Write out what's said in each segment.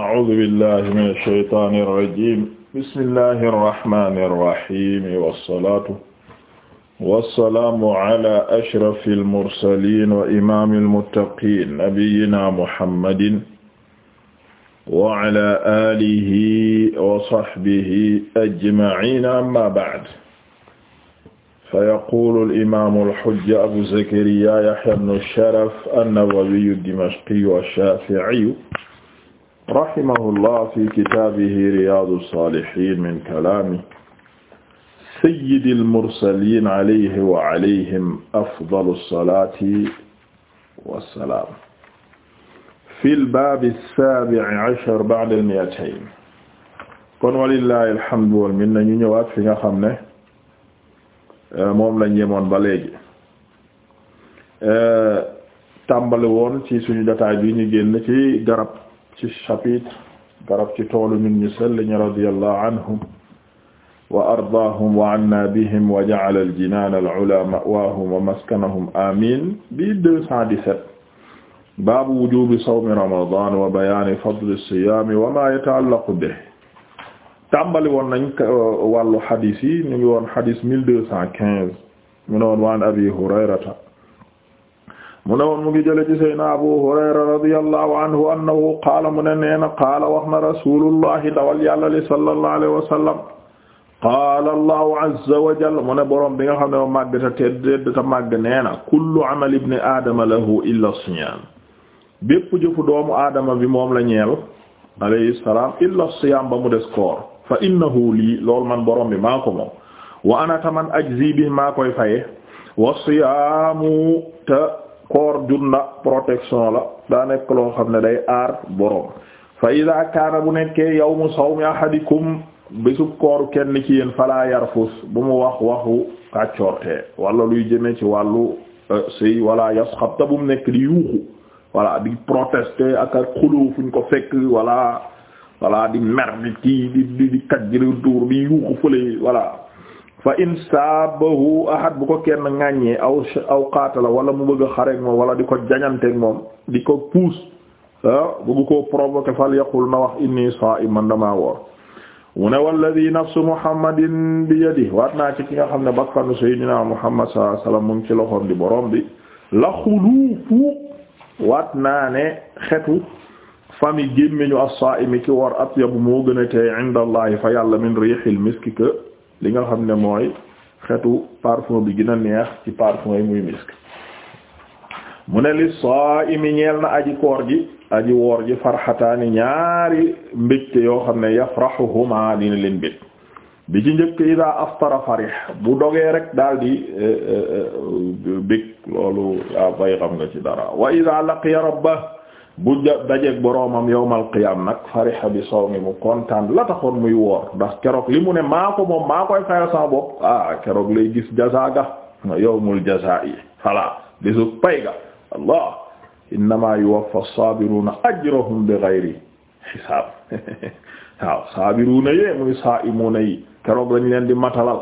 a'uuzu billaahi mina shaytaani rajiim bismillaahi rahmaani rahiim wassalaatu wassalaamu alaa ashrafil mursaliin wa imaamil muttaqiin nabiyyinaa muhammadin wa alaa aalihi wa sahbihi ajma'iin ammaa ba'd فيقول الإمام الحجة أبو زكريا يحيى بن شرف النووي الدمشقي الشافعي rahimahullah fi kitaabihi riyaadu saalihiin min kalaami sayyidil mursaliin alayhi wa alayhim afdalu salaati wa salaam. fil baabi saabi'i ashar ba'dal mi'atayn. kon walillaahi alhamdu wal minna ñu ñëwaat fi nga xam ne euh, moom lañ yemoon ba léegi. Euh, tàmbali woon ci suñu jotaay bi ñu génn ci garab. ci chapitre garab ci toolu nit ñu sell ñi radiyallahu anhum wa ardaahum wa anna bihim wa ja'ala al-jinaan al-'ulaa ma'waahum wa maskanahum amiin bi 217 baabu wujuubi sawmi ramadaan wa bayaani fadli as-siyaam wa maa yata'allaqu bihi tàmbali woon nañ wàllu xadiis yi ñu ngi woon xadiis 1215 mu ne woon wa an Abi Hurayrata mu ne mu ngi jële ci sayna Abu Hurayra radiyallahu anhu annahu qaala mu ne nee na qaala wax na rasulullahi dawal yàlla li sallallahu alayhi wa sallam qaala allahu azza wa jalla mu ne boroom bi nga xam ne ma màgg ta tedd ta màgg nee na kullu amali ibni aadama lahu illa siyam bépp jëfu doomu aadama bi moom la ñeel alayhi salaam illa siyam ba mu des koor fa innahu lii loolu man borom bi maa ko moom wa ana taman ajzi bi maa koy faye wa koor jur na protection la daa nekk loo xam ne day aar boroom fa ida kaana bu nekkee yawmu sawmi ahadikum bésu koor kenn ci yéen fala yarfus bu mu wax waxu kàccoorte wala luy jëme ci wàllu euh, sëy wala yasxab ta bu mu nekk di yuuxu wala di protester ak ak xuloo fuñ ko fekk wala wala di mer di kii di di kaj di duur di yuuxu fële wala fa in saabahu ahad bu ko kenn ŋàññee aw aw qaatala wala mu bëgg a xareek moom wala di ko jañanteek moom di ko puus bëgg koo provoquer fal yaqul na wax inni saa'im man damaa woor mu ne walladi nafsu muhammadin bi yadi waat naa ci ki nga xam ne bakkanu sayyidina muhammad sallallahu alayhi wasallam mu ngi ci loxoom di borom bi la xuluufu waat naa ne xetu fami gémmiñu as-saa'imi ki woor atyabu moo gën a tey inda allahi fa yàlla min riihil miski li nga xam ne mooy xetu parfum bi gën neex ci parfum yi muy misk mu ne li saa'imi ñeel na aji koor ji aji woor ji farxataani ñaari mbégte yoo xam ne yafrahuhuma dina leen mbég bi ci njëkk ida aftara farih bu dogee rek daal di eh, eh, eh, bég loolu yaa bay xam nga ci dara wa ida laqiya rabbah bu dajeeg boroomam yowmal qiyaam nag fariha bi sawmi mu kontaan la taxoon muy woor ndax keroog li mu ne maa moom maa koy fayal sama bopp ah keroog lay gis jazaa ga yowmul jazaa yi voilà bisu pay ga allah innamaa yuwaffa saabiruna ajrahum bi ghayri hisaab waaw saabiruna yee muy saa'imuna yi keroog lañ leen di matalal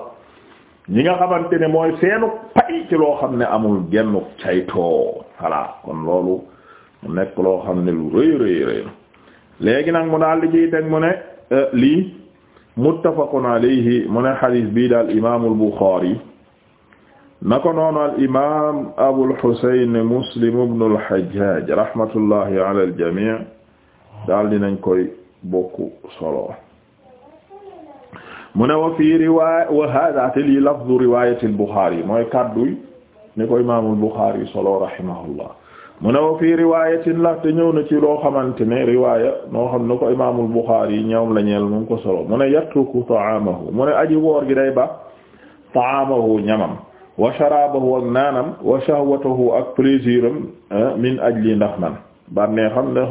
ñi nga xamante ne mooy seenu pay ci loo xam ne amul gennu caytoo voilà kon loolu. nekk loo xam ne lu nag mu daal di ciy teg mu ne e, lii muttafaqun alayhi mu ne bii daal imaamul Buxaari na ko noonu al imaam Abul Husayn Muslim ibn al Hajjaj rahmatullahi ala al jamii daal dinañ koy bokku solo mu ne wa fii riwaaya wa haaza te lii lafdu riwaayati al Buxaari mooy kaddu ni ko imaamul Buxaari solo rahimahullah mu ne wa fii riwaayatin la te ñëw na ci loo xamante ne riwaaya noo xam ne ko imaamul Buxaari yi ñoom la ñeel mu ko solo mu ne yatruku ta'aamahu mu ne aji woor gi day ba ta'aamahu ñamam wa sharaabahu ak naanam wa shahwatahu ak plaisir am eh, min ajli ndax man bannee xam ndax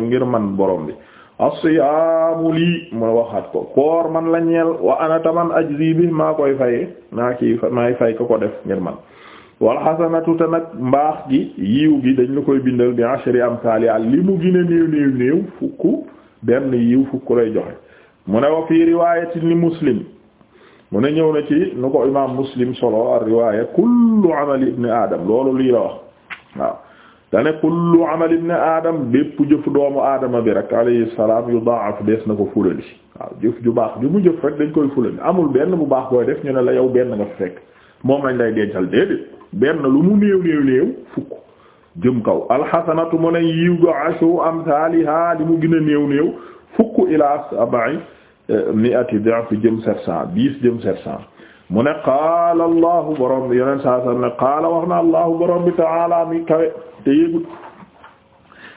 ngir man borom bi as-siyaamu lii mu waxaat ko koor man la ñeel wa ana taman ajzi bi maa koy faye maa kii maay fay ko ko def ngir man wal xasanatu te nag mbaax gi yiw gi dañ la koy bindal bi ashri amsaaliha li mu gën a néew néew fukk benn yiw fukk lay joxe mu ne wa fii riwaayati li muslim mu ne ñëw na ci nu ko imaam muslim solo ar riwaaya kullu amali ibni adam loolu lii la wax waaw dane kullu amali ibni adam bépp jëf doomu aadama bi rek alayhi salaam yudaaf des na ko fulali waaw jëf ju baax ju mu jëf rek dañ koy fulali amul benn bu baax booy def ñu ne la yow benn nga fekk moom lañ lay dencal déedéet benn lu mu néew néew néew fukk jëm kaw alxasanatu mu ne yiw ga ashu li mu gën a néew néew fukk ila sab'i eh, mi'ati di'f jëm sept cent dix jëm sept cent mu ne qaala allahu borom yeneen saa sa ta'ala mi kawe te yéegut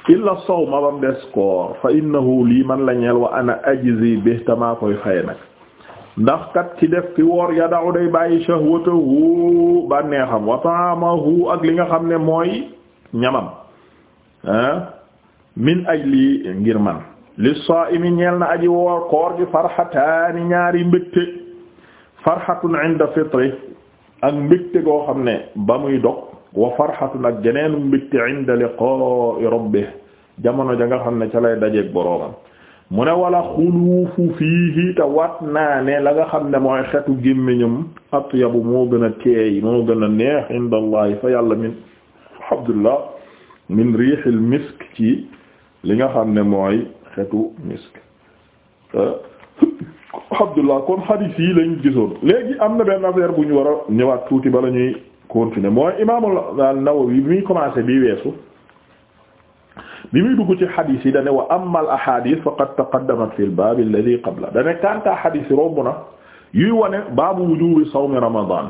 illa sawma bam des koor fa innahu man la ñeel wa ana ajzi bi tamaa koy fay ndax kat ci def ki woor yada'u day shahwatahu bànneexam wa taamahu ak li nga xam ne mooy ñamam ah, min ajli ngir man li saa'imi ñeel aji woor koor gi farxataani ñaari mbégte farxatun inda fitri ak mbégte goo xam ne ba muy dog wa farxatun ak geneenu mbégte inda liqaa'i rabbih jamono ja nga xam ne ca lay dajeek mu ne wala xuluufu fiihi te wat naa ne la nga xam ne mooy xetu gémmiñam atyabu moo gën a teey moo gën a neex inda fa yàlla min alhamdulillah min riixil misk ci li nga xam ne mooy xetu misk alhamdulillah kon xadiis yi lañ gisoon léegi am na benn affaire bu ñu war a ñëwaat tuuti bala ñuy continuer mooy imaamul Nawawi bi muy commencé bii weesu bi muy dugg ci xadis yi dane wa amma al ahadith faqad taqaddamat fi l baab alladhi qabla dane kanta xadis yi romb na yuy wane baabu wujubi sawmi ramadan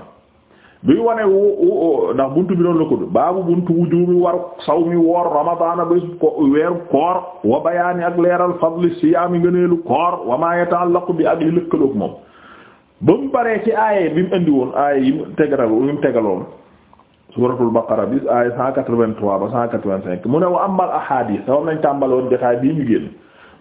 buy wane wu ndax buntu bi doon la ko du baabu buntu wujubi waru sawmi woor ramadana bés ko weeru koor wa bayaani ak leeral fadli siyaami ngëneelu koor wa ma yata'allaqu bi ak li lëkkaloog moom ba mu baree ci aaya bi mu indi yi mu yi mu tegaloon suuratul baqara bi ay 183 ba 185 mu ne wa amal ahadith dawam nañ tàmbaloon jotaay bii ñu génn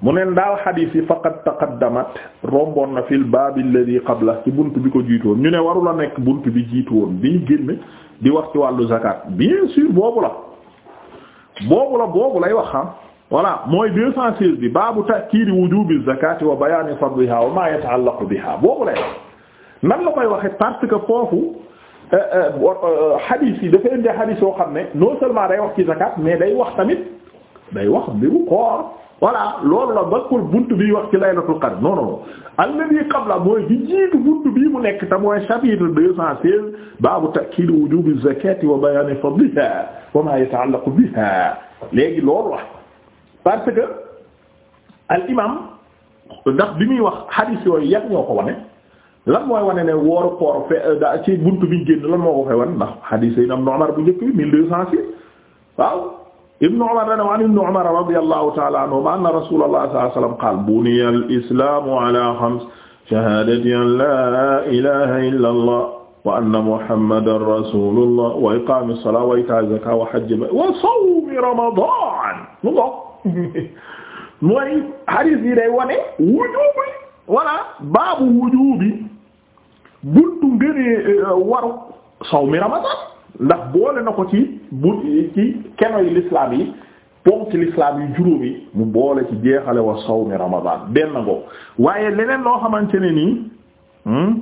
mu neen daal xadiis yi faqad taqaddamat romboon na fil baab alladhi qabla ci bunt bi ko jiitoon ñu ne warula nekk bunt bi jiitu woon bi ñu génn di wax ci wàllu zakat bien sûr boobu la boobu la boobu lay wax xam ah voilà mooy 216 bi baabu ta'kiid wujuubi zakati wa bayaani fadliha wa ma yata'allaqu biha boobu lay wax nan la koy waxe parce que foofu Euh, euh, euh, hadith yi dafa indi hadith yoo xam ne non seulement day wax ci zakat mais day wax tamit day wax mbiru koor voilà loolu la bakkul buntu bi wax ci laylatul qadr non non alladhi qabla mooy bi jiitu buntu bii mu nekk te mooy chapitre deux cent seize baabu ta'kid wujubi zakati wa bayan fadliha wa ma yata'allaqu biha léegi loolu la parce que al imam ndax bi muy wax hadith yooyu yàgg ñoo ko wane lan mooy wane ne wooru koor fe euh, da ci buntu biñ génn lan moo ko fe wan ndax xadiis yi Ibn Umar bu njëkk bi mille deux cent six waaw Ibn Umar dana wa an Ibn Umar radiyallahu ta'ala anhuma anna Rasulullah sallallahu alayhi wasallam qala buniya al-islamu ala khams shahadati an la ilaha illa Allah wa anna Muhammadan rasulullah wa iqamis salati wa ita'iz zakati wa hajji wa sawmi ramadan mu ngo mooy xadiis yi day wane wujubi wala baabu wujubi buntu ngënee euh, waru saw mi ramadan ndax boole na ko ci bu ci keno yi l'islam yi ponk ci l'islam yi juróom yi mu boole ci jeexale wa saw mi ramadan na ngoo waaye leneen loo xamante ne nii hmm,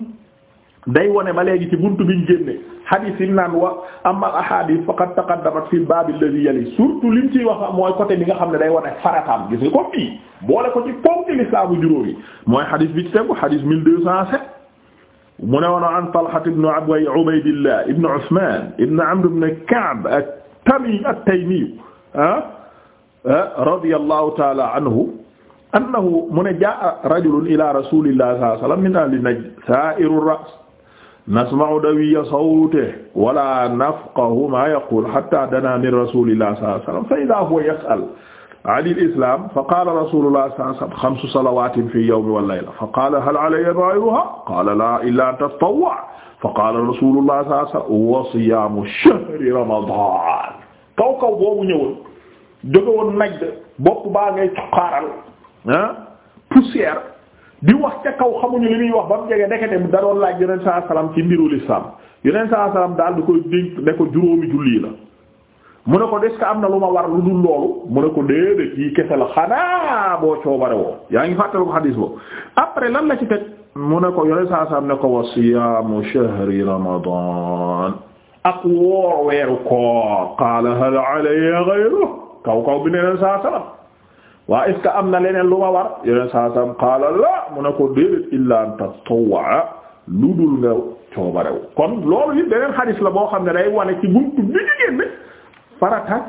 day wone ba léegi ci buntu biñ génne hadith yi naan wa amal ahadith faqad taqaddamat fil bab alladhi yali surtout liñ ci wax mooy côté bi nga xam ne day wone farataam gis nga ko fii boole ko ci ponk ci yu juróom yi mooy hadith bi ci tegu hadith mu ne woon an Talha ibn Abi Ubaydillah ibn Usman ibn Amr ibn Ka'b at-Tami at-Taymi ah, ah, radiyallahu ta'ala anhu annahu mu ne jaa'a rajulun ila rasulillahi sallallahu alayhi wa sallam min ahli Najd saa'iru ar-ra's nasma'u dawiya sawtihi wa la nafqahu ma yaqulu hatta dana min rasulillahi sallallahu alayhi wa sallam fa idha huwa yas'al ani islam fa qaala rasulullah sallallahu alayhi fi yawmi wa layla hal alayya ghayruha qaala laa illaa an tatawwa fa qaala rasulullah sallallahu alayhi wa sallam wa siyaamu shahri boobu ñëwoon jóge najd bopp baa ngay cuqaaral ah, di wax ca kaw xamuñu li muy wax ba mu jege ndekete da doon laaj yeneen saa salaam ci mbiru lislaam yeneen saa daal di ko juróomi julli la. mu ne ko des ka am na lu ma war lu dul loolu mu la xanaa boo coobare woo yaa ngi fàttali ko xadiis boobu après lan la ci teg mu ne ko yore saa saa ko wa siyaamu shahri ramadan ak woor weeru koor qaala hal alayya ghayru kaw kaw bi ne leen saa waa est-ce am na leneen lu ma war yore saa qaala la mu ne ko déedéet illa an tatawwa lu nga coobare kon loolu yi beneen xadiis la boo xam ne day wane ci buntu bi ñu génne farataak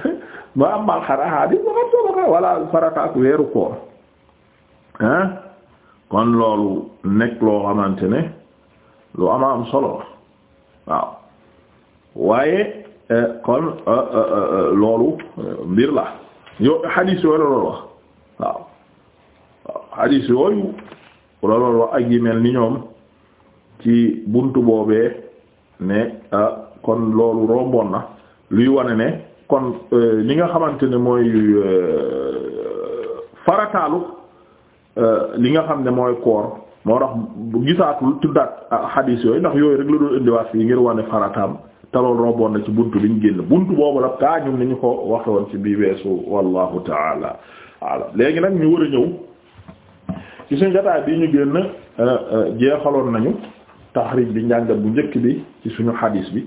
ma am mal ma xam sabaka weeru koor ah kon loolu nekk loo xamante ne lu ama solo waaw waaye eh, kon eh, eh, loolu mbir la yo xadiis yooyu loolu wax ni ñoom ci buntu boobe ne kon loolu romboon na luy wane ne kon euh, li nga xamante ne mooy euh, farataalu euh, li nga xam ne mooy koor moo tax gisaatul tuddaat xadiis yooyu ndax yooyu rek lu dul indiwaat fii ngir wane farataam talool romboon na ci bunt bi ñu génn bunt boobu la kaa ñun ni ñu ko waxe woon ci bii weesu wallahu taala alam léegi nag ñu war a ñëw ci suñu jotaay bi ñu génn jeexaloon nañu taxriij bi njàngat bu njëkk bi ci suñu xadiis bi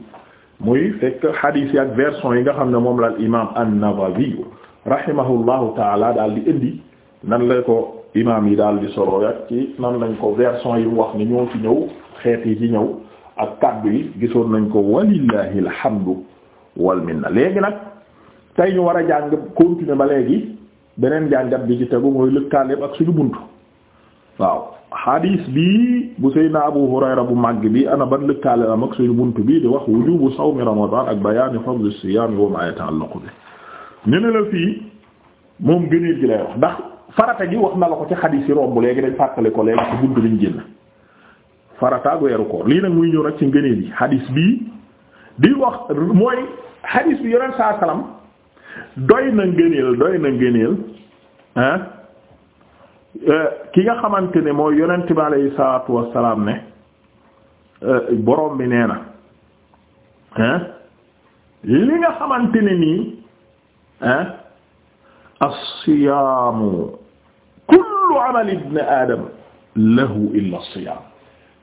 muy fekk xadiis yi ak version yi nga xam ne moom la al imaam an-Nawawi rahimahullahu taala dal di indi nan lay ko imaam yi daal di solo ak ci nan lañ ko version yi wax ni ñoo ci ñëw xeet yi ci ñëw ak kaddu yi gisoon nañ ko walillahi alhamdu wal minna léegi nag tey ñu war a jàng continuer ba léegi beneen jàngat bi ci tegu mooy lëkkaaleem ak suñu buntu waaw xadiis bi bu Seydina Abu Hurayra bu màgg bi ana ban lëkkaale am ak suñu bunt bi di wax wujubu sawmi ramadan ak bayaani fadli siyaam wa ma yata'allaqu bi ñu ne la fii moom gëneel gi lay wax ndax farata gi wax na la ko ci xadiis yi romb léegi dañ fàttali ko léegi ci bunt biñ génn farata ak weeru koor lii nag muy ñëw nag ci ngëneel yi xadiis bii di wax mooy xadiis bi yoneen saa salaam doy na ngëneel doy na ngëneel Euh, ki nga xamante ne mooy yonent bi alayhi salaatu wassalaam ne euh, borom bi nee na hein li nga xamante ne nii hein as-siyaamu kullu amali ibn adam lahu illa as-siyaam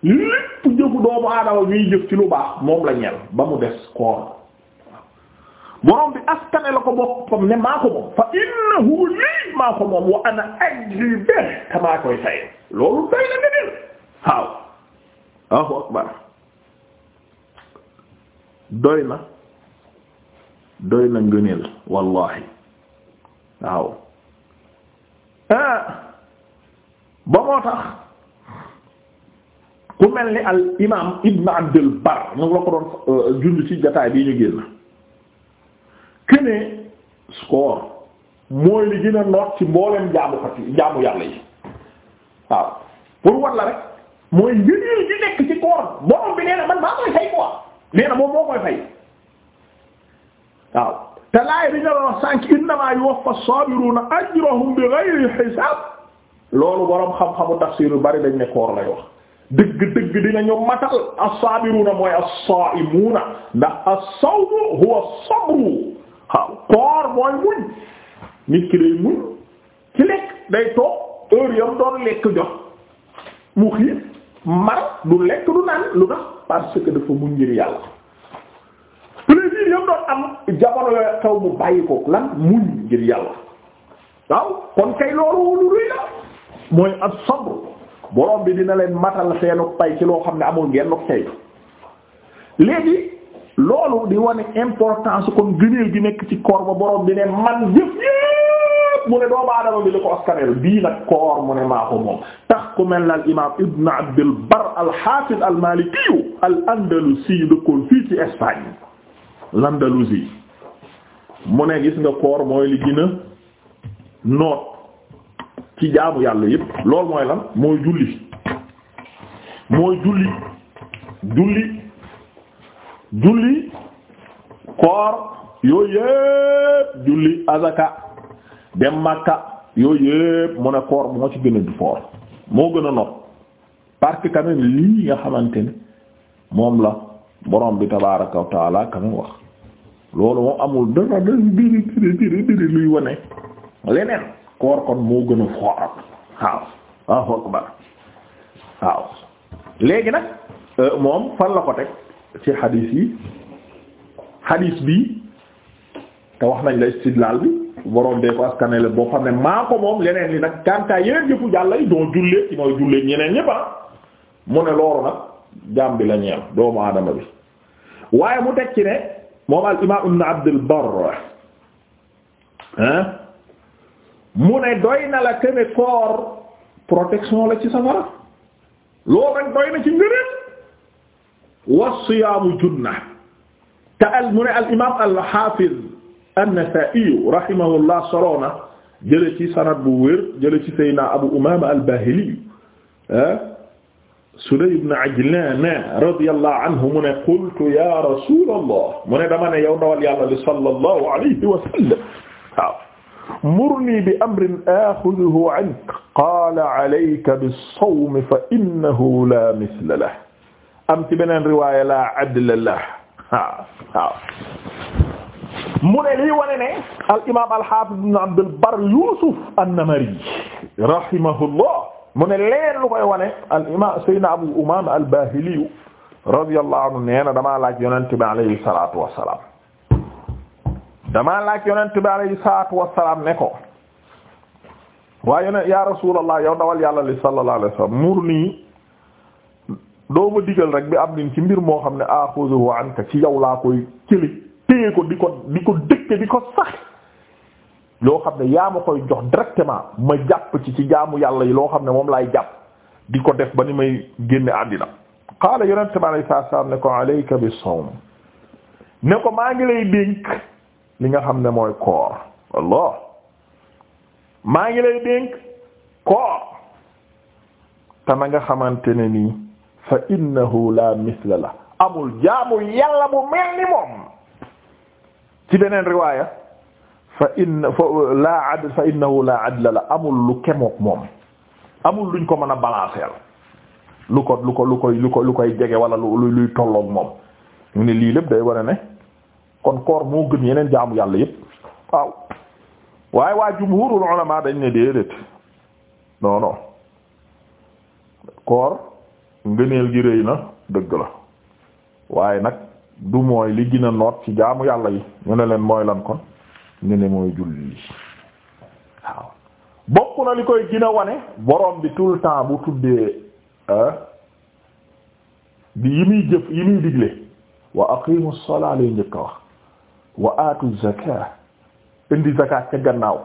lépp jëfu doomu aadama ñuy jëf ci lu baax moom la ñel ba mu des koor borom bi askane la ko boppam ne maa moom fa innahu lii maa moom wa ana ajri bihi te maa fay loolu day na ngëneel waaw Allahu akbar doy na doy na ngëneel wallahi waaw ah. ba moo tax ku mel ni al imaam ibn abdul bar mu doon euh, junj ci jotaay bii ñu kënee score mooy li gën a ci mbooleem jaamu fati jaamu yàlla yi waaw pour war la rek mooy ngëneel gi nekk ci koor borom bi nee na man maa koy fay quoi nee moom moo koy fay waaw te laay bi nga wax sànq innamaa yuwaffa saabiruna ajrahum bighayri hisaab loolu borom xam-xamu tafsir yu bari dañ ne koor lay wax dëgg dëgg dinañu matal as-saabiruna mooy as-saa'imuuna ndax as-sawmu huwa sabru waaw koor mooy muñ nit ki day muñ ci lekk day toog heure yam doon lekk jox mu xiir mar du lekk du naan lu tax parce que dafa muñ ngir yàlla plaisir yam doon am jamono yooyu xew mu bàyyi ko lan muñ ngir yàlla waaw kon kay loolu lu rëy la mooy as-sabr borom bi dina leen matal seenu pay ci loo xam ne amul ngeen ak tey léegi loolu di wane importance kon gëneel gi nekk ci koor ba borom bi ne man jëf yépp mu ne doomu aadama bi li ko askaneel bii nag koor mu ne maa ko moom tax ku mel na al imaam ibn abdil bar al hafiz al malikiyu al andalusi dëkkoon fii ci Espagne l'Andalousie mu ne gis nga koor mooy li gën a noot ci jaamu yàlla yépp loolu mooy lan mooy julli mooy julli julli julli koor yooyu yëpp julli azaka dem makka yooyu yëpp mu ne koor moo ci gën a du foor moo gën a nopp parce que quand lii nga xamante ne moom la borom bi tabaaraka wa taala quand wax loolu moom amul dara dara dara dara dara luy wane leneen koor kon moo gën a foor waaw waaw waaw waaw léegi nag euh, moom fan la ko teg ci xadiis yi xadiis bi te wax nañ la istidlaal bi boroom dee ko askanele boo xam ne maa ko moom leneen li nag kantaa yeneen yëpp yàlla yi doo jullee ci mooy jullee ñeneen ñëpp ah. mu ne loolu nag jaam bi la ñeel doomu aadama bi waaye mu teg ci ne moom al imaam ibn abdul barr mu ne doy na la këne koor protection la ci safara loolu rek doy na ci ngëneel wasiyaamu junna te al mu ne al imaam al xaafiz an-Nasaa'i rahimahullah soloona jële ci sanad bu wér jële ci Seydina Abu Umaama al-Baahili ah, Sudayy ibn Ajlaan radiyallahu anhu mu ne qultu ya rasuulallah mu ne dama ne yow ndawal yàlla li sallallahu alayhi wa sallam waaw murni bi amrin axuduhu anka qaala alayka bis-sawmi fa innahu laa misla lahu am ci beneen riwaaya la adla lah lii wane ne al imaam al haafiz yusuf an-namari rahimahullah mu leen lu koy wane al imaam abu umaama al baahili radiyallahu anhu nee na damaa laaj yonent bi alayhi salaatu wa laaj yonent bi alayhi salaatu ne ko waaye ya rasuulallah yow dawal yàlla li murni doo ma digal rek bi am nin ci mbir moo xam ne axuzuhu ah anka ci yow laa koy cëli téye ko di ko di ko dëkke di ko sax loo xam ne yaa ma koy jox directement ma jàpp ci ci jaamu yàlla yi loo xam ne moom laay jàpp di ko def ba ni may génne àddina qaala yonente bi alayhi salaatu salaam ne ko alayka bi sawm ne ko maa ngi lay dénk li nga xam ne mooy koor Allah maa ngi lay dénk koor te na nga xamante ne nii fa innahu la misla la amul jaamu yàlla bu mel ni moom ci beneen riwaaya fa inna fa la fa innahu la la amul lu kemook moom amul luñ ko mën a balancer lu ko lu ko lu koy lu ko lu koy jege wala lu luy tolloog moom ñu ne lii lépp day war a ne kon koor moo gën yeneen jaamu yàlla yépp waaw waaye waa jumhurul ulama dañ ne déedéet non koor ngëneel gi rëy na dëgg la waaye nag du mooy li gën noot ci jaamu yàlla yi ñu ne leen mooy lan kon ñu ne mooy julli waaw bokk na li koy gina a wane borom bi tout le temps bu tuddee di ah, yi muy jëf yi muy digle wa aqimu salaa lay njëkk wax wa aatu zakaa indi zakat ca gannaaw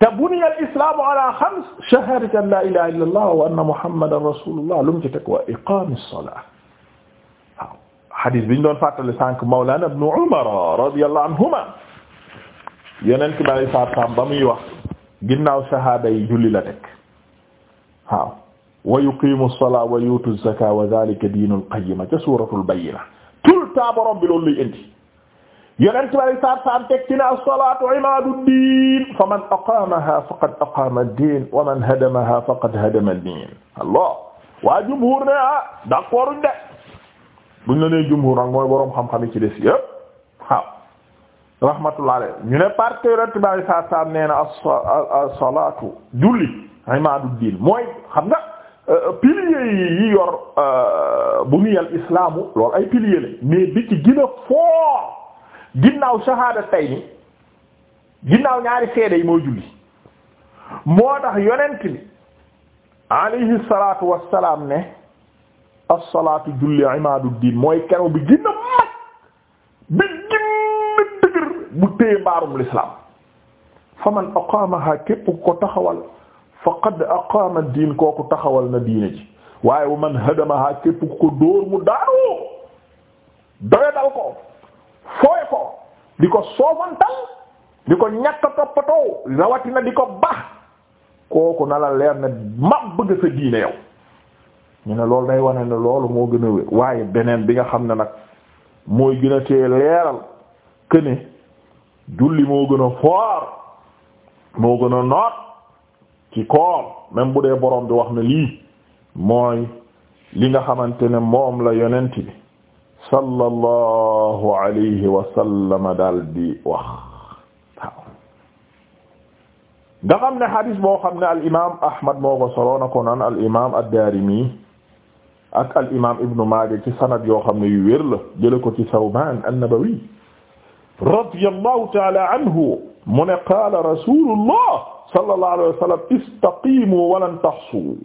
te buniya al islaamu ala xams shahaadati an laa ilaaha illallah wa anna muhammadan rasulullah lu mu ci teg wa iqaami salaa waaw xadis bi ñu doon fàttali sànq Mawlana ibnu Umar radiyallahu anhuma yeneen ki bari saa saam ba muy wax ginnaaw shahaada yi julli la teg waaw wa yuqiimu salaa wa yuutu zakaa wa zaalika diinul qayyima ca suuratul bayyina tout le temps borom bi loolu lay indi. yonent bi alayhi salaatu salaam teg ci ne as-salaatu imaadu diin fa man aqaamahaa faqad aqaama diin wa man hadamahaa faqad hadama allah waa jumhuur ne ah d'accord de buñ la mooy boroom xam-xam yi ci des yëpp waaw rahmatullah alayhi ñu ne parce que yonent bi alayhi salaatu salaam nee mooy xam nga euh, euh, piliers yi yor euh, buniyal islaamu loolu ay piliers la mais bi ci ginnaaw shahada tay ni ginnaaw ñaari seede yi mooy julli moo tax yonent bi alayhi salaatu wassalaam ne as-salaatu julli imaadu diin mooy kero bi gën a mag bi gën a bu téye mbaarum l'islam fa man aqaamaha képp ko taxawal faqad aqaama diin kooku taxawal na diine ji waaye wa man hadamaha képp ko dóor mu daaru doye ko fooy ko di ko soofantal di ko ñàkk toppatoo rawatina di ko baax kooku na la leer na ma bëgg sa diine yow ñu loolu day wane ne loolu moo gën a wér waaye beneen bi nga xam ne nag mooy gën a tee leeral que ne julli moo gën a foor moo gën a noot ci koor même bu dee borom bi wax na lii mooy li nga xamante ne moom la yonent bi sallallahu alayhi wa sallam daal di wax waaw nga xam ne xadis boo xam ne al imaam Ahmad moo ko solo na ko naan al imaam ad-Daarimi ak al imaam Ibn Maaja ci sanad yoo xam ne yu wér la jëlee ko ci Sawbaan an-Nabawi radiyallahu ta'ala anhu mu ne qaala rasulullah sallallahu alayhi wa sallam istaqimu wa lan tahsu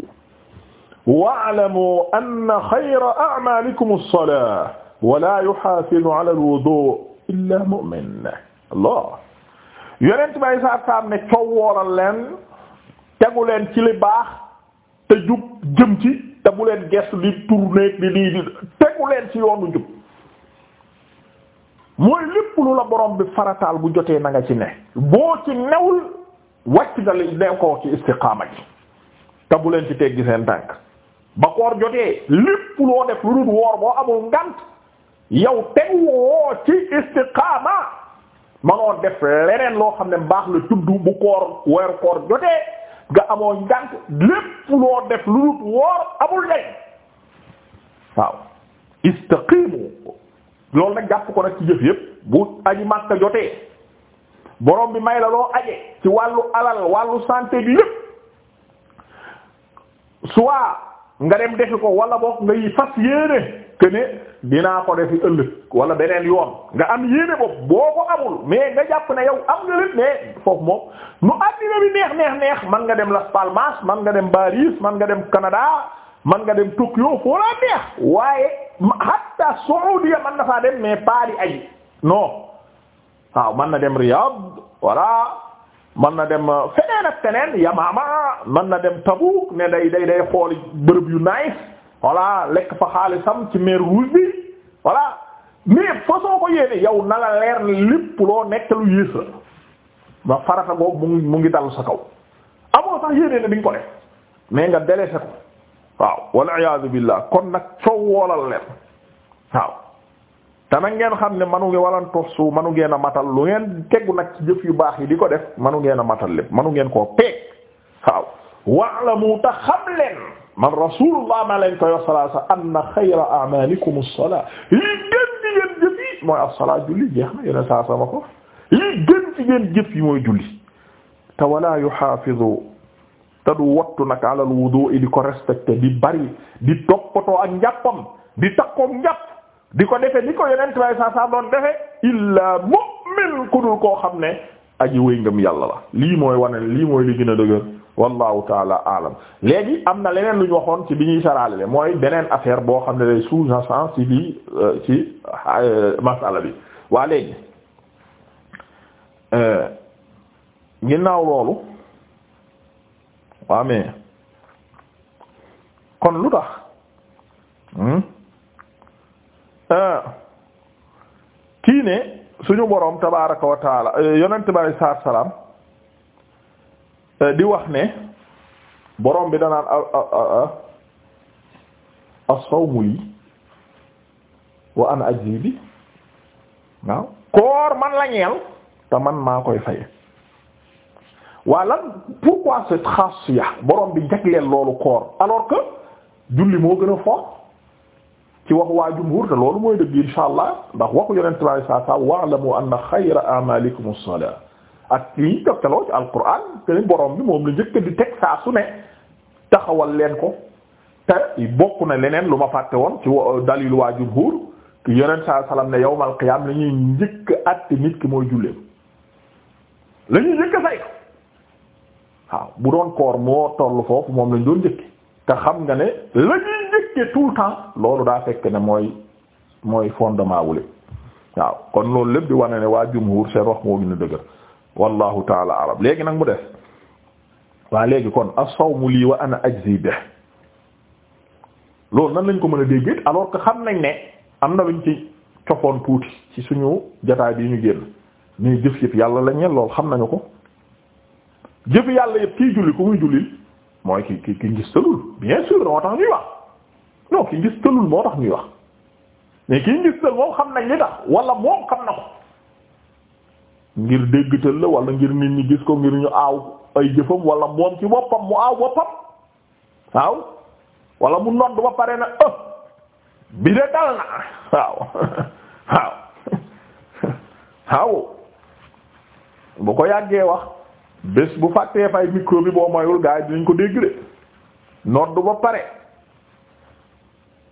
wa'lamu anna khayra a'malikum as-salaah wala yuhafizu ala alwudu illa mu'min Allah yonent bay saa saam ne coow wooral leen tegu leen ci li baax te jub jëm ci te bu leen gestu di tourner di di tegu leen ci yoonu jub mooy lépp lu la borom bi farataal bu jotee na nga ci ne boo ci newul wàcc nga li ne ko ci istiqaama gi te bu leen ci teggi seen tànk ba koor jotee lépp loo def lu dul woor boo amul ngant yow teguwoo ci istiqaama manoo def leneen loo xam ne baax la tuddu bu koor weeru koor jotee nga amoo ngànt lépp loo def lu dul woor amul njariñ waaw istaqimu loolu nag jàpp ko nag ci jëf yépp bu aji Makka jotee borom bi may la loo aje ci wàllu alal wàllu santé bi yépp soit nga dem defi ko wala boog ngay fas yéene que ne dinaa ko defi ëllëg wala beneen yoon nga am yéene bopp boo ko amul mais nga jàpp na yow am nga lépp moom nu neex neex neex man nga dem Las Palmas man nga dem Paris man nga dem Canada man nga dem Tokyo foo laa neex waaye hatta Saudiya man na faa dem mais pas di aji waaw man na dem Riyad voilà man na dem euh, feneen ak feneen yamaama man na dem Tabuk ne day day day xooli bërëb yu nice voilà lekk fa xaalisam ci mer Rouge bi voilà mais façon ko yéene yow na la leer lépp loo nekk lu yées la ba farata googu mu ngi mu ngi dal sa kaw amoo sax yéene ne di nga ko def nga délaissé ko waaw wal iyaadu billah kon nag coow woolal leen te nag ngeen xam ne manu ngi walan su manu ngeen a matal lu ngeen tegu nag ci jëf yu baax yi di ko def manu ngeen a matal le manu ngeen koo peeg waaw wa'lamu ta xam leen man rasulullah ma leen koy wax salaa sa anna xayra a'malikum as-salah yi gën ci ngeen jëf yi mooy julli jeex na yeneen saa sama ko yi gën ci yi mooy julli te wala du wattu nag ala al wudu'i di ko respecté di bari di toppatoo ak njàppam di takkook njàpp di ko defe ni ko yonent bay saa saa doon defe illaa mu'min ku dul koo xam ne aji wéy ngëm yàlla la lii mooy wane lii mooy li gën a dëgër wallahu taala alam léegi am na leneen lu waxoon ci bi ñuy saralele mooy beneen affaire boo xam ne day sous-jacent ci bi euh, ci euh, masala bi waa léegi euh, ginnaaw loolu waa kon lu tax hmm? Ah. kii ne suñu boroom tabaaraka wa eh, yonent bi alayhi salaam eh, di wax ne boroom bi danaan ah, ah, as-sawmu lii wa waaw koor man la te man maa koy faye waa lan pourquoi cette xaasiya boroom bi jagleel loolu koor alors que julli moo gën a fort ci wax waa jumhur te loolu mooy dëgg insha allah ndax waxu yonent bi saa saa wa'lamu anna xayra a'malikum as-salat ak lii jokkaloo ci alquran te borom bi moom la njëkk di teg saa su ne taxawal leen ko te bokk na leneen lu ma fàtte woon ci dalil waa jumhur ki yonent saa salaam ne yawmal qiyaam la njëkk àtte nit ki mooy julleem la njëkk say waaw bu doon koor moo toll foofu moom lañ doon njëkk. te xam nga ne la njëkke tout le temps loolu daa fekk ne mooy mooy fondement wule waaw kon loolu lépp di wane ne waa jumhur seen wax moo gën a dëgër wallahu taala alam léegi nag mu def waa léegi kon as mu lii wa ana ajzi bih loolu nan lañ ko mën a dégg alors que xam nañ ne am na luñ ci cofoon tuuti ci suñu jotaay bi ñu génn nii jëf yëpp yàlla lañ ñeen loolu xam nañu ko jëf yàlla yëpp kii julli ku muy julli mooy ki ki ki ngis bien sûr moo tax ñuy wax non ki ngis moo tax ñuy wax mais ki ngis moom xam nañ li tax wala moom xam na ko ngir déggtal la wala ngir nit ñi gis ko ngir ñu aaw ay jëfam wala moom ci boppam mu aaw boppam waaw wala mu nodd ba pare na bi de dal na waaw waaw waaw bu ko yàggee wax bés bu fàttee fay micro bi boo moyul gaa yi dinañ ko dégg de noddu ba pare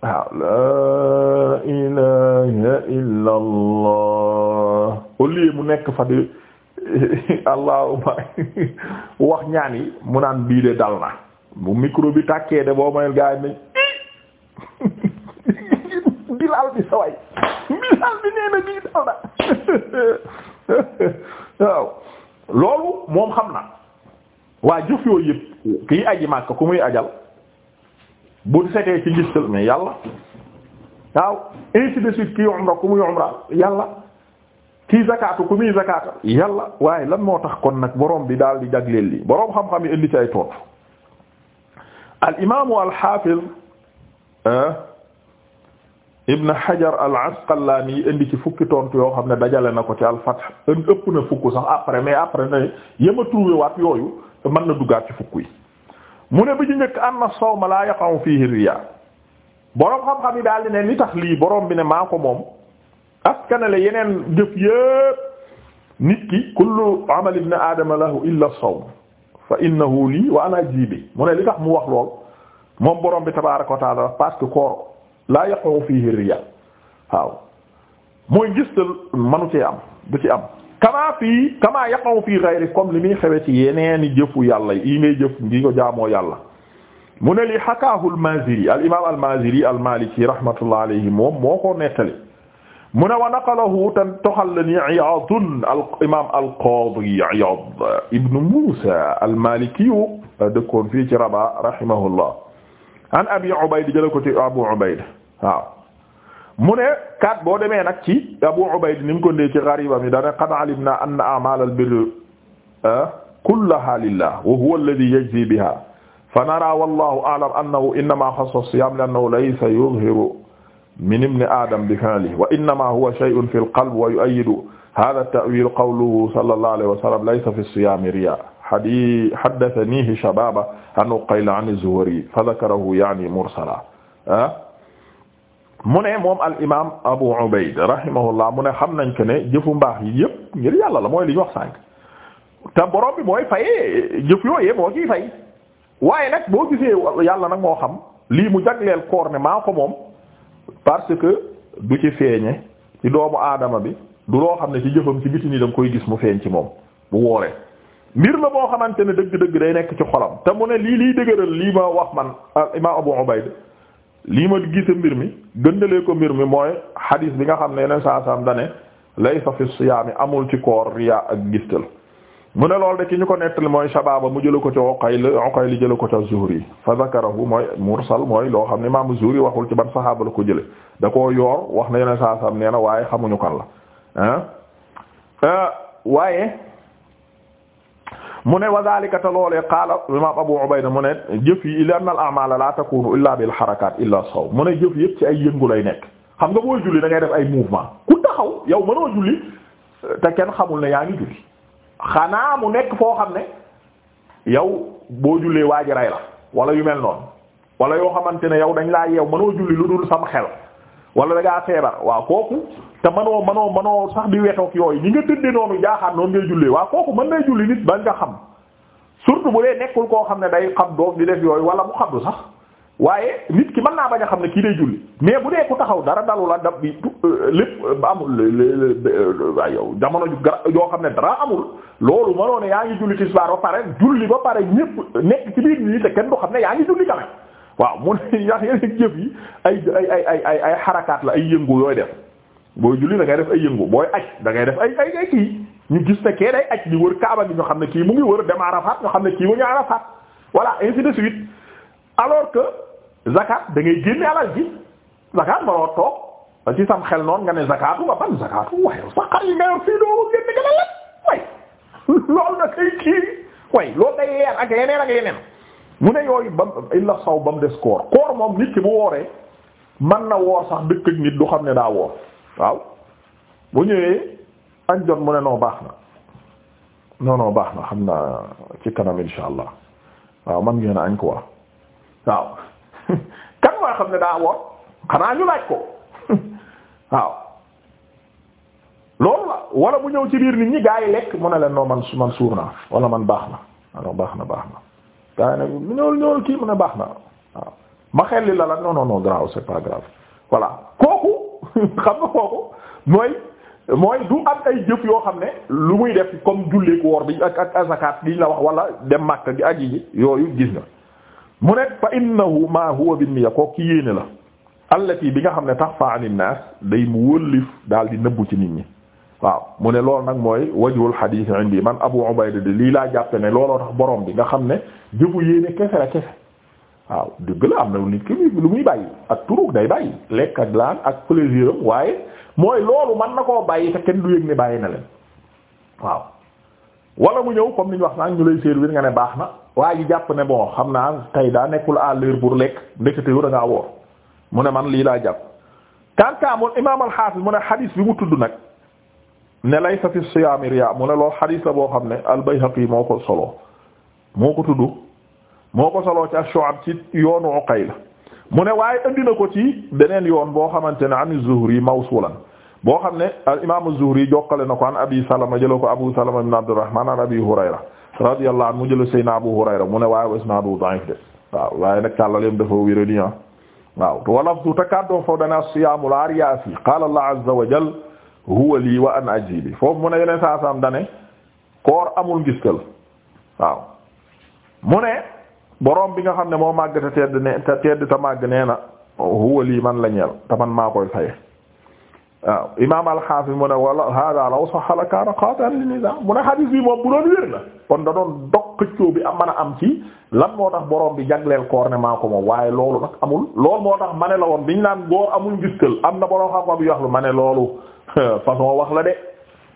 waaw laa ilaha illa allah au mu nekk fa di allahuma wax ñaan yi mu naan bii de dal na bu micro bi tàkkee de boo moyul gaa yi dinañ bilaal bi saway bilaal bi nee na bii dal na waaw loolu moom xam na waa jëf yooyu kii aji màkk ku muy ajal bu setee ci ngistal mais yàlla waaw ainsi de suite kii umra ku muy umra yàlla kii zakaatu ku muy zakaata yàlla waaye lan moo tax kon nag borom bi daal di jagleel li boroom xam-xam yi indi ci ay al imaamu al xaafiz euh, Ibn Hajar al-Asqalani indi ci fukki tontu yoo xam ne dajale na ko ci al-Fath ëpp na fukk sax après mais après na yem a waat yooyu man na duggaat ci fukk mu ne bi ci njëkk anna sawma la yaqa'u fihi riya boroom xam-xam yi daal di ne li tax lii boroom bi ne maa ko moom askanale yeneen jëf yépp nit ki kullu amal ibn aadama lahu illa as-sawm fa innahu lii wa ana jibi mu ne li tax mu wax lool moom boroom bi tabaaraka wa ta'aala laa yaqaw fiihi riya waaw mooy ngistal manu cee am du ci am kamaa fii kamaa yaqaw fii ghayri comme li muy xewe ci yeneeni jëfu yàlla yi ngay jëf ngi ko jaamoo yàlla mu ne li xakaahu almaziri al imam almaziri almaliki rahmatullah alayhi moom moo ko nettali mu ne wa naqalahu tan toxal la ni iyadun al imam alqaadi iyad ibnu musa almalikiyu dëkkoon fii ci rabaa rahimahullah an abi ubayd jëla ko ci abu ubayd waaw mu ne kat boo demee nag ci abu ubayd ni mu ko ndee ci gariba mi dana qad alimna anna a'mal al birr ah, kullaha lillah wa huwa alladhi yajzi biha fa nara wallahu a'lam annahu innama xassa siyam li annahu laysa yuzhiru min ibni adam bi fi'lihi wa innama huwa shay'un fi al qalb wa yu'ayyidu hadha at-ta'wil qawluhu sallallahu alayhi wa sallam laysa fi as-siyami riya' hadi haddathanihi Shabaaba an Uqayl an az-Zuhri fa dhakarahu yaani mursala mu ne moom al Abu Ubayd rahimahullah mu ne xam nañ ko ne jëfu mbaax yi yëpp ngir yàlla la mooy li ñu wax sànq bi mooy fayee jëf yooyee moo ciy fay waaye nag boo gisee yàlla nag moo xam lii mu jagleel koor ne maa ko moom parce que du ci feeñe ci doomu aadama bi du loo xam ne ci jëfam ci biti nii da koy gis mu feeñ ci moom bu wooree. mbir la boo xamante ne dëgg-dëgg day nekk ci xolam te mu ne lii liy dëgëral lii ma wax man al imaam lii ma gise mbir mi gëndalee ko mbir mi mooy xadiis bi nga xam ne yeneen saa saam dane laysa fi siyaami amul ci koor riyaa ak gistal mu ne loolu de ki ko nettali mooy shabaaba mu jëla ko ca Uqayl Uqayl jëla ko ca Zuhri fa zakarahu mooy mursal mooy loo xam ne imaam Zuhri waxul ci ban saxaaba la ko jële da ko yoor wax na yeneen saa saam nee na waaye xamuñu kan la ah, ah, waaye mu ne wa zalika te loolee qaala imam Abu Ubayda mu ne jëf yi illa al a'mal la takunu illa bil harakat illa saw mu ne jëf yëpp ci ay yëngu lay nekk xam nga booy julli dangay def ay mouvement ku taxaw yow manoo julli te kenn xamul ne yaa ngi julli xanaa mu nekk foo xam ne yow boo jullee waaji ray la wala yu mel noonu wala yoo xamante ne yow dañ laa yeew mënoo julli lu dul sam xel wala da ngaa feebar waa kooku te manoo manoo manoo sax di wetoog yooyu ñi nga tëddee noonu jaaxaan noonu ngay jullee waaw kooku mën nay julli nit ba nga xam surtout bu dee nekkul koo xam ne day xam doom di def yooyu wala mu xabdu sax waaye nit ki mën naa bañ a xam ne kii day julli mais bu dee ku taxaw dara dalu la dab bi euh, lépp euh, ba amul euh, yow jamono ju gara yoo xam ne dara amul loolu mënoo ne yaa ngi julli tisbaar ba pare julli ba pare ñépp nekk ci biir xam ne yaa ngi julli quand waaw mu ne yax yeneen jëf yi ay ay ay ay ay xarakaat la ay yëngu yooy def booy julli da ngay def ay yëngu booy aj da ngay def ay ay kii ñu gis ne kee day aj di wër kaaba gi ñu xam ne kii mu ngi wër dem Arafat ñu xam ne kii mu ngi Arafat voilà ainsi de suite alors que zakat da ngay génne alal ji zakat maroo toog ba ci sam xel noonu nga ne zakatu nga ban zakatu waaye saxar yi nga fii doo génne loolu na kay kii way loolu day leer ak leneen ak leneen mu ne yooyu ba illa saw ba mu des koor koor moom nit ki bu wooree man na woor sax dëkk ak nit du xam ne daa woor waaw bu ñëwee añ jot mu ne noo baax na baax xam naa ci kanam insha allah waaw ko waaw kan mooy xam ne daa woor xanaa ñu laaj ko waaw loolu la wala bu ñëw ci biir nit ñi gaa yi lekk mu ne leen man man suur naa wala man baax na non baax na baax na gaa nag ñëwul ñëwul kii mu ne baax na waaw ma xelli la la non non non grave c'est pas kooku xam nga kooku mooy mooy du am ay jëf yoo xam ne lu muy def comme julleek woor bi ak ak azakaat liñ la wax wala dem màkk ak yi yooyu gis nga mu ne fa innahu ma huwa binniya kooku ci yéene la allati bi nga xam ne tax fa anin nas day mu wëllif daal di nëbbu ci nit ñi waaw mu ne lool nag mooy wajhul hadith indi man Abu Ubayda di lii laa jàppe ne looloo tax borom bi nga xam ne jëbu yéene kese la kese waaw dëgg la am na nit lu muy bàyyi ak turuk day bàyyi lekk ak laan ak waaye mooy loolu man na koo bàyyi te kenn du yëg ne bàyyi na leen waaw wala mu ñëw comme ni ñu wax naan ñu lay servir nga ne baax na waa ji jàpp ne boo xam naa tey daa nekkul à l'heure pour lekk ndekete yow da woor mu ne man lii laa jàpp. kanta moom imaam al mu ne hadith bi mu tudd nag. ne laysa fi siyaami riyaa mu ne lool xadiis la boo xam ne al-Bayhaqi moo ko solo moo ko tudd moo ko solo ci ash-Shu'ab ci yoonu Uqayl mu ne waaye indi na ko ci beneen yoon boo xamante ne an i zuhri mawsuulan boo xam ne al-imaam az-Zuhri jokkale na ko an Abi Salama jëla ko Abu Salama ibn Abdurrahman an Abi Hurayra radiyallahu anhu mu jëla Seydina Abu Hurayra mu ne waaye wa isnaadu da'if de waaw waaye nag càllaleem dafa wéradi ah, waaw walafdu te kàddoo foofu dana as-siyaamu la riyaa fi qaala Allah azza wa huwa lii wa an ajibi foofu mu ne yeneen saa saam dane koor amul ngistal waaw mu ne borom bi nga xam ne moo màgg te tedd ne te tedd te màgg nee na huwa lii man la ñeel man maa koy faye waaw imaam al-Hafiz mu ne wala hada law sahala kaana qaatan li nizaa mu ne hadis bi moom bu doon wér la kon da doon dog xëccoo bi am a am ci lan moo tax borom bi jagleel koor ne maa ko moom waaye loolu nag amul loolu moo tax ma ne la woon biñ naan góor amul ngistal am na borom xam-xam yu wax ma ne loolu façon wax la de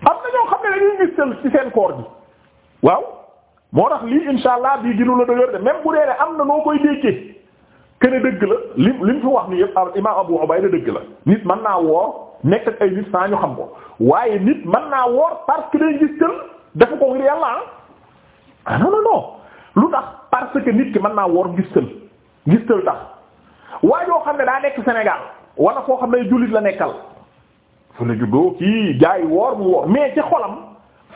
am na ñoo xam ne dañuy ngistal ci seen koor gi waaw moo tax lii insha bii ginu la dëgër de même bu dee am na noo koy li li mu fi la nit mën nekk ak ay nit ñu xam ko waaye nit man naa woor parce que day gis tël dafa ko ngir yàlla ah. ah non non non lu tax parce que nit ki mën naa woor gis tël gis tël tax waaye yoo xam ne daa nekk Sénégal wala foo xam ne jullit la nekkal fu la juddoo kii jaay woor mu woor mais ci xolam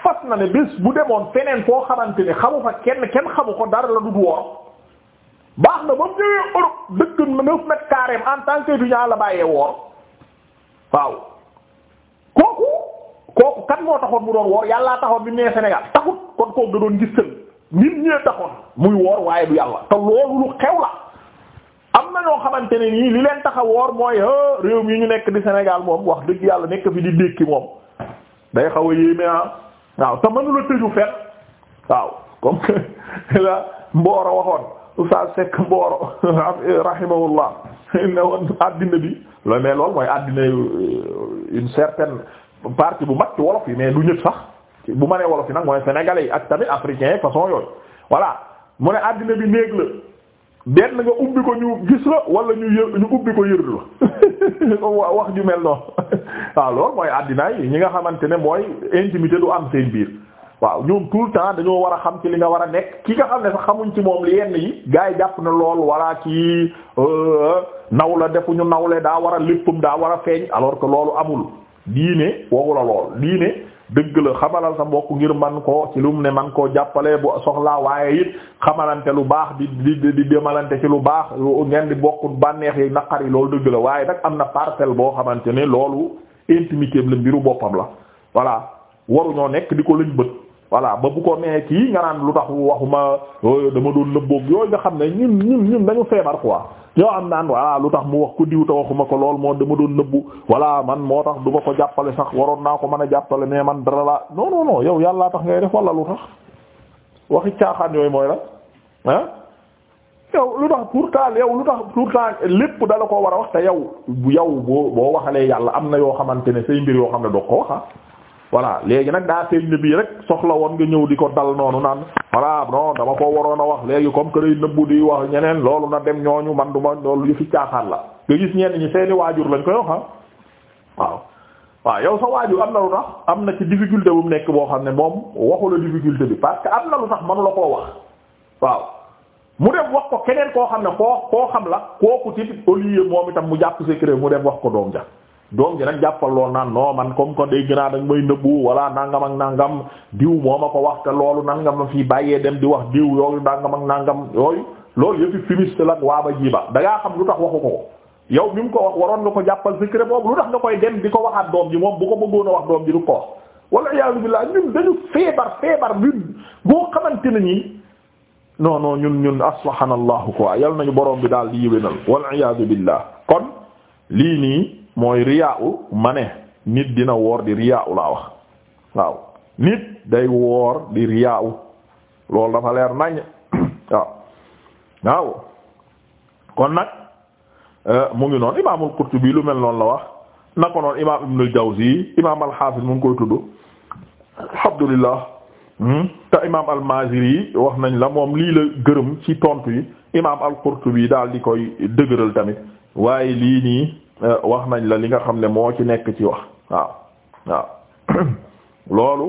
fas na ne bés bu demoon feneen foo xamante ne xamu fa kenn kenn xamu ko dara la du woor baax na ba mu ñëwee Europe dëkk na neuf mètres en tant que étudiant la bàyyee woor waaw kooku kooku kan moo taxoon mu doon woor yàllaa taxoon bi mu nee Sénégal taxut kon kooku da doon gis sën nit ñee taxoon muy woor waaye du yàlla te loolu lu xew la am na ñoo xamante ne nii li leen taxa woor mooy réew mi ñu nekk di Sénégal moom wax dëgg yàlla nekk fi di dékki moom day xaw a yéeme ah waaw te mënula tëju fet waaw comme la Mboro waxoon Oustaz Seck Mboro rahimahullah ne woon addina bi la mais loolu mooy addina euh, une certaine partie bu mag ci wolof yi mais du ñëpp sax bu ma nee wolof yi nag mooy sénégalais yi ak tamit africain façon yoon voilà mu ne àddina bi néeg la benn nga ubbi ko ñu gis la wala ñu yë ñu ubbi ko yër la wax ju mel noonu waaw loolu mooy addina ñi nga xamante ne mooy intimité du am seen biir waaw ñoom tout le temps dañoo war a xam ci li nga war a nekk ki nga xam ne sax xamuñ ci moom li yenn yi gars yi jàpp na lool wala kii euh, naw la defu ñu defuñu nawle daa war a léppam daa war a feeñ alors ko loolu amul ne waxu la lool diine dëgg la xamalal sa mbokk ngir man ko ci lu mu ne man koo jàppale bu soxlaa waaye it xamalante lu baax di di di demalante ci lu baax ngeen di bokk bànneex yi naqar yi loolu dëgg la waaye nag am na parcel boo xamante ne loolu intimité la mbiru boppam la voilà waruñoo nekk di ko lañ bët voilà ba bu ko nee kii nga naan lu tax waxuma dama doon lëbboog yooyu nga xam ne ñun ñun ñun dañu feebar quoi yoo am naan voilà lu tax mu wax ku diw te waxuma ko lool moo dama doon nëbbu voilà man moo tax du ma ko jàppale sax waroon naa ko mën a jàppale ne man dara la non non yàlla yow tax ngay def wala lu tax waxi caaxaan yooyu mooy la ah yow lu tax pourtant yow lu tax pourtant lépp dala ko war a wax te bu yow boo boo waxalee yàlla am na yoo xamante ne mbir yoo xam ne doo ko ah. voilà léegi nag daa feeñ ne bii rek soxla woon nga ñëw di ko dal noonu naan voilà non dama ko waroon a wax léegi comme que day nëbbu di wax ñeneen loolu na dem ñooñu man du ma loolu yëfi caaxaan la nga gis ñenn ñi seeni waajur lañ koy wax ah waaw waaw yow sa waajur am na lu tax am na ci difficulté bu mu nekk boo xam ne moom waxu la difficulté bi parce que am na lu tax mënu la koo wax waaw mu dem wax ko keneen koo xam ne koo koo xam la kooku ci au lieu moom jàpp mu dem wax ko doom ja doom ji nag jàppal lool naan non man comme que day gënaa dag may nëbbu wala nangam ak nangam diw moo ma ko wax te loolu nangam nga ma fii bàyyee dem di wax diw yooyu nangam ak nangam yooyu loolu yëpp fumiste la waa ba jiiba da ngaa xam lu tax waxu ko yow bi ko wax waroon na ko jàppal secret boobu lu tax nga koy dem di ko waxaat doom ji moom bu ko bëggoon wax doom ji du ko wax wala iyaazu billaah ñun dañu feebar feebar bi boo xamante ne nii non non ñun ñun asbahanallahu nañu borom bi daal di yéwénal wal iyaazu billaah kon nii mooy riyaawu mane nit dina woor di riyaawu laa wax waaw nit day woor di riyaawu loolu dafa leer nañ waaw waaw kon nag euh, mu ngi noonu imaamul Qurtubi lu mel noon la wax na ko noonu imaam Ibnul Jawzi imaam al-Hafiz mu ngi koy tudd alhamdulillah hmm? te imaam al-Maziri wax nañ la moom lii la gërëm ci tontu yi imaam al-Qurtubi daal di koy dëgëral tamit waaye lii nii Euh, wax nañ la li nga xam ne moo ci nekk ci wax waaw waaw loolu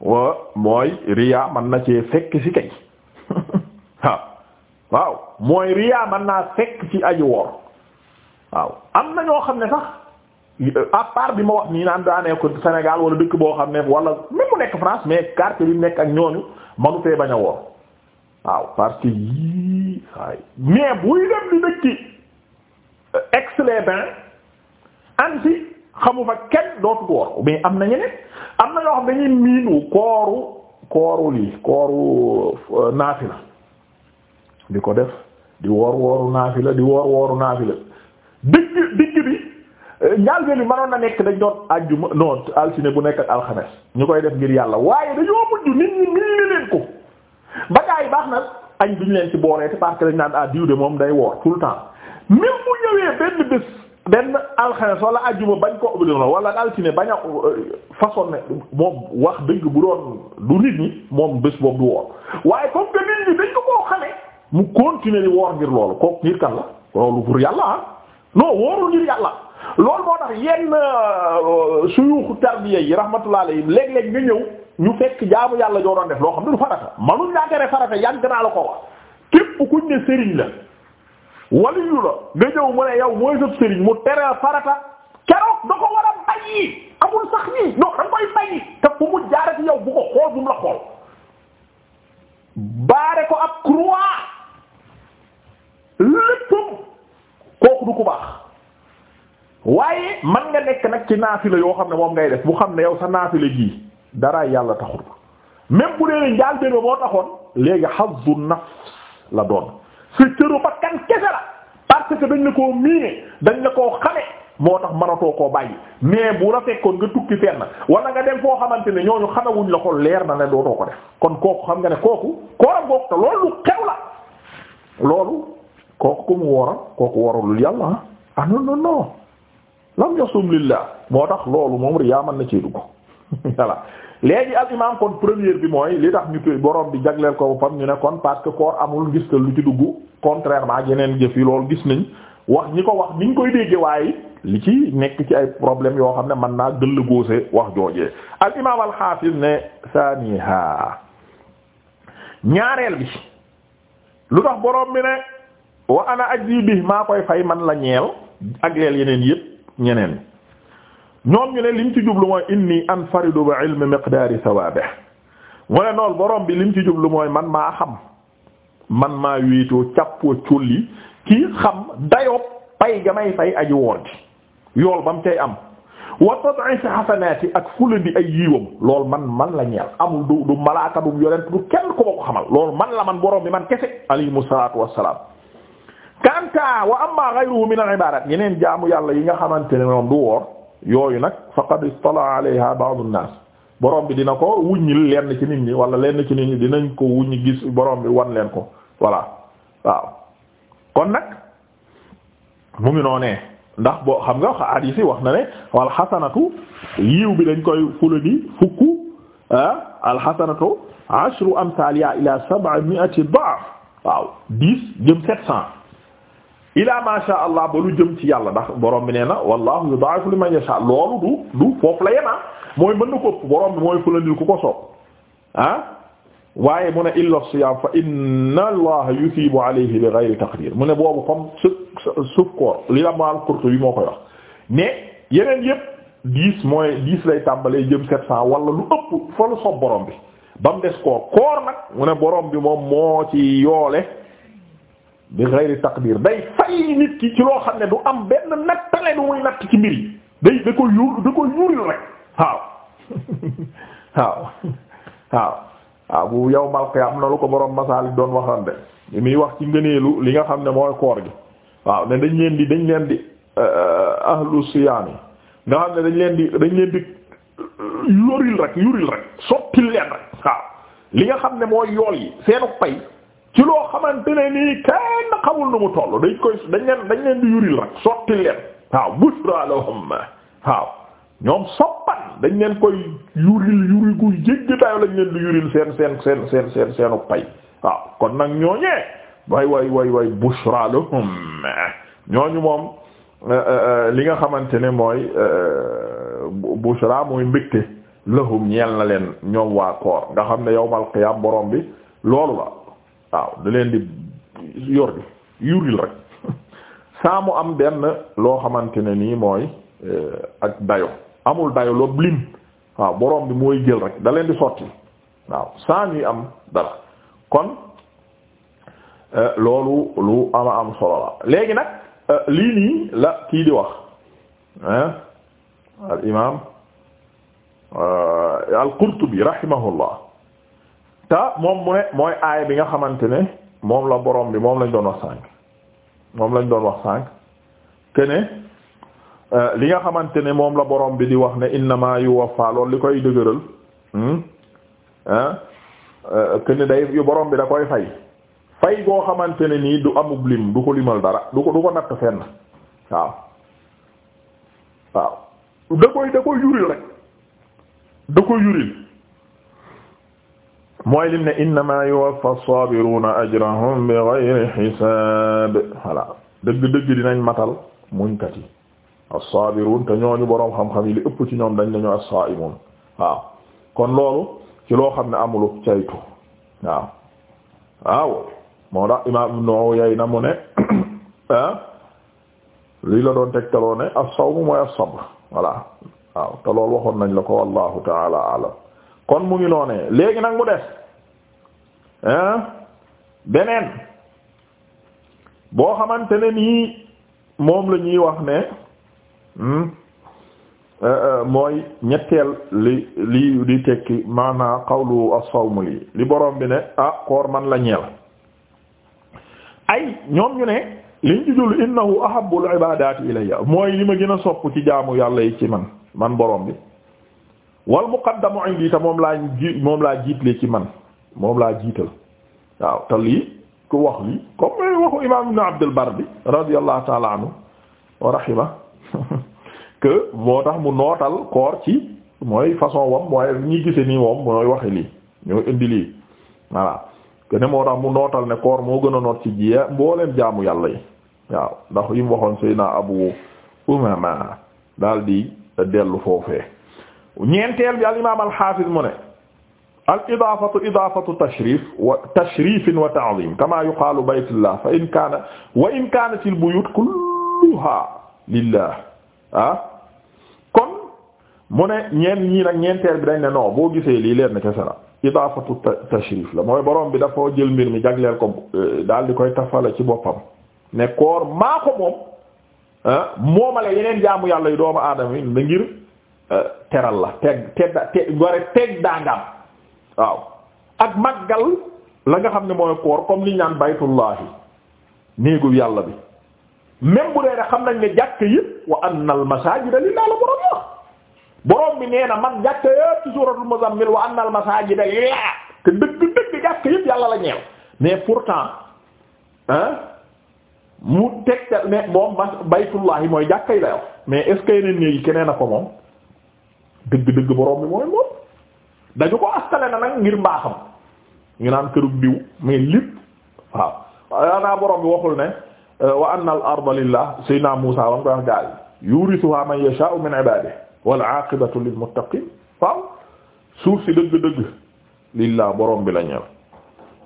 wa mooy riyaa mën na cee fekk ci kay waaw waaw mooy riyaa mën naa fekk ci aji woor waaw am na ñoo xam ne sax à bi ma wax nii naan daanee ko Sénégal wala dëkk boo xam ne wala même nekk France mais quartier bi nekk ak ñooñu manu fee bañ woor waaw parce que yii mais buy dem di dëkki ex-les-bains xamu fa kenn dootu woor mais am na ñeneen am na ñoo xam dañuy miinu kooru kooru lii kooru euh, naafila di ko def di woor wooru naafila di woor wooru naafila digg digg bi euh, njàlbeen bi mënoon na nekk dañ doon àjjuma non altine bu nekk ak alxames ñu koy def ngir yàlla waaye dañoo mujj nit ñi miinu leen ko ba gaa yi baax na añ duñ leen ci booreete parce que dañ naan ah de moom day woor tout temps même bu ñëwee benn bés benn alxames wala ajjuma bañ ko obligé wala altine bañ a façon ne moom wax dëgg bu doon du nit ñi moom bés boobu du woor waaye comme que nit ñi dañ koo xamee mu continuer di woor ngir loolu kooku ngir kan la loolu pour yàlla ah non woorul ngir yàlla loolu moo tax yenn euh, suyuxu tarbiya yi rahmatullah alayhim léeg-léeg nga ñëw ñu fekk jaamu yàlla joo doon def loo xam ne du farata manuñ laa tere farata yàgg naa la ko wax képp la. waliyu la nga ñëw mu ne yow mooy sëb sëriñ mu tereel farata keroog da ko war a bàyyi amul sax nii non da nga koy bàyyi te fu mu jaarati yow bu ko xool bu mu la xool baare ko ab croix léppam kooku du ku baax waaye man nga nekk nag ci naafila yoo xam ne moom ngay def bu xam ne yow sa naafila gii dara yàlla taxul même bu dee ne njaal benn ba moo taxoon léegi hazzu nafs la doon sa cëru bakkan kese la parce que dañ la koo miine dañ la koo xame moo tax mënatoo koo bàyyi mais bu la fekkoon nga tukki fenn wala nga dem foo xamante ne ñooñu xamewuñ la ko leer na ne dootoo ko def kon kooku xam nga ne kooku koora goog te loolu xew kooku ku mu wooral kooku waralul yàlla ah. ah non non non lam yasum lillah moo tax loolu moom riyaa mën na ci dugg voilà léegi al imam kon première bi mooy li tax ñu koy boroom bi jagleel ko boppam ñu ne kon parce que koor amul gis lu ci dugg contrairement ak yeneen jëf yi loolu gis nañ wax ñi ko wax ni ñu koy dégge waaye li ci nekk ci ay problème yoo xam ne man naa gëll góose wax joojee al imam al hafiz ne saniha ñaareel bi lu tax borom bi ne wa ana ajzi bi maa koy fay man la ñeel ak leel yeneen yépp ñeneen ñoom ñu ne lim ci jublu mooy inni anfaridu bi ilmi miqdaari sawaabe mu ne lool borom bi lim ci jublu mooy man maa xam man maa wéetoo càppoo culli kii xam dayoo pay ga may fay aji woor ji yool ba mu cay am wa tad'ifi xasanaati ak fulandi ay yiiwam lool man man la ñeel amul du du malaaka du yonent du kenn ko ko xamal lool man la man borom bi man kese alayhimu salaatu wassalaam kanta wa amma ghayruhu min al ibaadaat yeneen jaamu yàlla yi nga xamante ne moom du woor yooyu nag faqad istala alayha ba'd an borom bi dina ko wuññil lenn ci nit ñi wala lenn ci nit ñi dinañ ko wuññi gis borom bi wan leen ko voilà waaw kon nag mu ngi noonee ndax boo xam nga hadith yi wax na ne walla xasanatu yiw bi dañ koy fula di fukku ah alxasanatu am amthaliha ila sab'a mi'ati da'f waaw dix jëm sept cent ilaa ma sha allah ba jëm ci yàlla ndax borom bi nee na wallahu yudaa'ifu liman yasha loolu du du foofu la yema ah mooy mën na ko ëpp borom bi mooy fulandil ku ko soob ah waaye mu ne illa siyaam fa inna allaha yusibu alayhi bi ghayri taqdir mu ne boobu comme su suuf koor li la maal yeneen yépp dix mooy dix lay tàmbalee jëm sept cent wala lu ëpp fa lu soob borom bi ba mu des koor koor nag mu ne borom bi moom moo ci yoole bi ghayri taqdir day fay nit ki ci loo xam ne du am benn nattale du muy natt ci mbir yi day da ko yuur da ko yuuril rek waaw waaw waaw bu yow malka am na lu ko borom masaali doon waxan de muy wax ci ngëneelu li nga xam ne mooy koor gi waaw ne dañ leen di dañ leen di euh, euh, ahlu siyaami nga xam ne dañ leen di dañ leen di euh, yoril rek yuril rek sottil leen rek waaw li nga xam ne mooy yool yi seenu pay ci loo xamante ne nii kenn xamul nu mu toll dañ koy dañ leen dañ leen di yuril rek sotti leen waaw bushra lahum waaw ñoom soppan dañ leen koy yuril yuri gu jégg lañ leen di yuril seen seen seen seen seen seenu pay waaw kon nag ñooñee way way way way bushra lahum ñooñu moom euh, euh, euh, li nga xamante ne mooy bushra mooy mbégte lahum ñeel na leen ñoom waa koor nga xam ne yawmal qiyaam borom bi loolu la waaw da leen di yor di yuril rek saa mu am benn loo xamante ne nii mooy eh, ak dayo amul dayo loobu lim waaw borom bi mooy jël rek da leen di sotti waaw saa ñuy am dara kon eh, loolu lu ama am solo la léegi nag eh, lii nii la kii di wax al imaam al Qurtubi rahimahullah te moom mu ne mooy aay bi nga xamante ne moom la borom bi moom lañ doon wax sànq moom lañ doon wax sànq kene euh, li nga xamante ne moom la borom bi di wax ne innama yuwaffa loolu li koy dëgëral kene hmm, euh, day yu borom bi da koy fay fay koo xamante ne nii du amub lim du ko limal dara du ko du ko natt fenn waaw waaw da koy da koy yuril rek da koy yuril mooy lim ne innama yuwaffa as-sabiruna ajrahum bighayri hisab voilà dëgg-dëgg dinañ matal muñkat yi as-sabirun te ñooñu boroom xam-xam yi li ëpp ci ñoom dañ nañu as-saimun waaw kon loolu ci loo xam ne amulu caytu waaw waaw moo tax imam no yay na mu ne ah, lii la doon tegtaloo ne as-sawm mooy as-sabr waaw te loolu waxoon nañ la ko wallahu ta'ala a'lam kon mu ngi noonee léegi nag mu des beneen boo xamante ne nii moom la ñuy wax ne hmm, euh, euh, mooy ñetteel li li di tekki maanaa qawlu as-sawm li li borom bi ne a ah, koor man la ñeel ay ñoom ñu ne liñ ci jul innahu ahabbul ibadati ilayya mooy li ma gën a sopp ci jaamu yàlla yi ci man man borom bi wal muqaddamu indi te moom laa ji moom laa jiitlee ci man moom laa jiital waaw te lii ku wax lii comme waxu imaam ibn Abdul Barr bi radiyallahu ta'ala anhu wa rahima moo tax mu nootal koor ci mooy façon wam mooy ñi gise nii moom mooy waxe lii ñoo indi lii voilà que moo tax mu nootal ne koor moo gën a noot ci jiyee mbooleem jaamu yàlla yi waaw ndax yi mu waxoon Seydina Abu Umama daal di dellu foofee ñeenteel bi al imaam al xaafis mu ne al idaafatu idaafatu tashrif wa tashrifin wa ta'zim kama yuqaalu kaana wa kulluha lillah ah mu ne ñii nag ñeenteel bi dañ ne non boo gisee lii leer na la idaafatu tashrif la mooy borom bi dafa jël mbir mi jagleel ko eh, daal di koy tafale ci boppam ne koor maa ko moom ah, moomale yeneen jaamu yàlla yu doomu aadama yi ngir Euh, teral la teg tedda te gore teg daangam waaw ak màggal la nga xam ne mooy koor comme li ñaan baytullahi néegu yàlla bi même bu dee ne xam nañ ne jàkk yëpp wa anna al masajida lillahi la borom wax borom bi nee na man jàkk yëpp ci suuratul muzammil wa anna al masajida lillahi te dëgg dëgg jàkk yëpp yàlla la ñeel mais pourtant hein mu tegtal ne moom ma baytullahi mooy jàkk yi la yow mais est na néegi keneen a ko moom dëgg-dëgg borom bi mooy moom dañu ko astale na nag ngir mbaaxam ñu naan kërug diw mais lépp waaw yaanaa borom bi waxul ne wa anna al arda lillah sayna Musa wam ko wax gaal yurisuha man yasha'u min ibadihi wal aqibatu lil muttaqin waaw suuf si dëgg-dëgg lillah borom bi la ñeel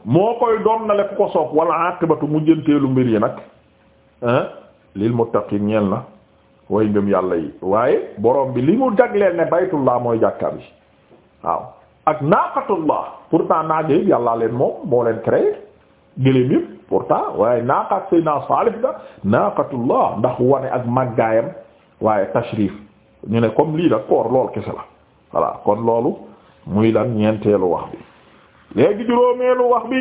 moo koy doon na lekk ko soob wal aqibatu mujjanteelu mbir yi nag lil muttaqin ñeel na way ngëm yàlla yi waaye borom bi li mu jagleel ne baytullah mooy jàkka bi waaw ak naaqatullah pourtant naaga yëpp yàllaa leen moom moo leen créé gëléem yëpp pourtant waaye naaqat say naa saalih ga naaqatullah ndax wane ak màggaayam waaye tashrif ñu ne comme lii da koor lool kese la voilà kon loolu muy lan ñeenteelu wax bi léegi juróomeelu wax bi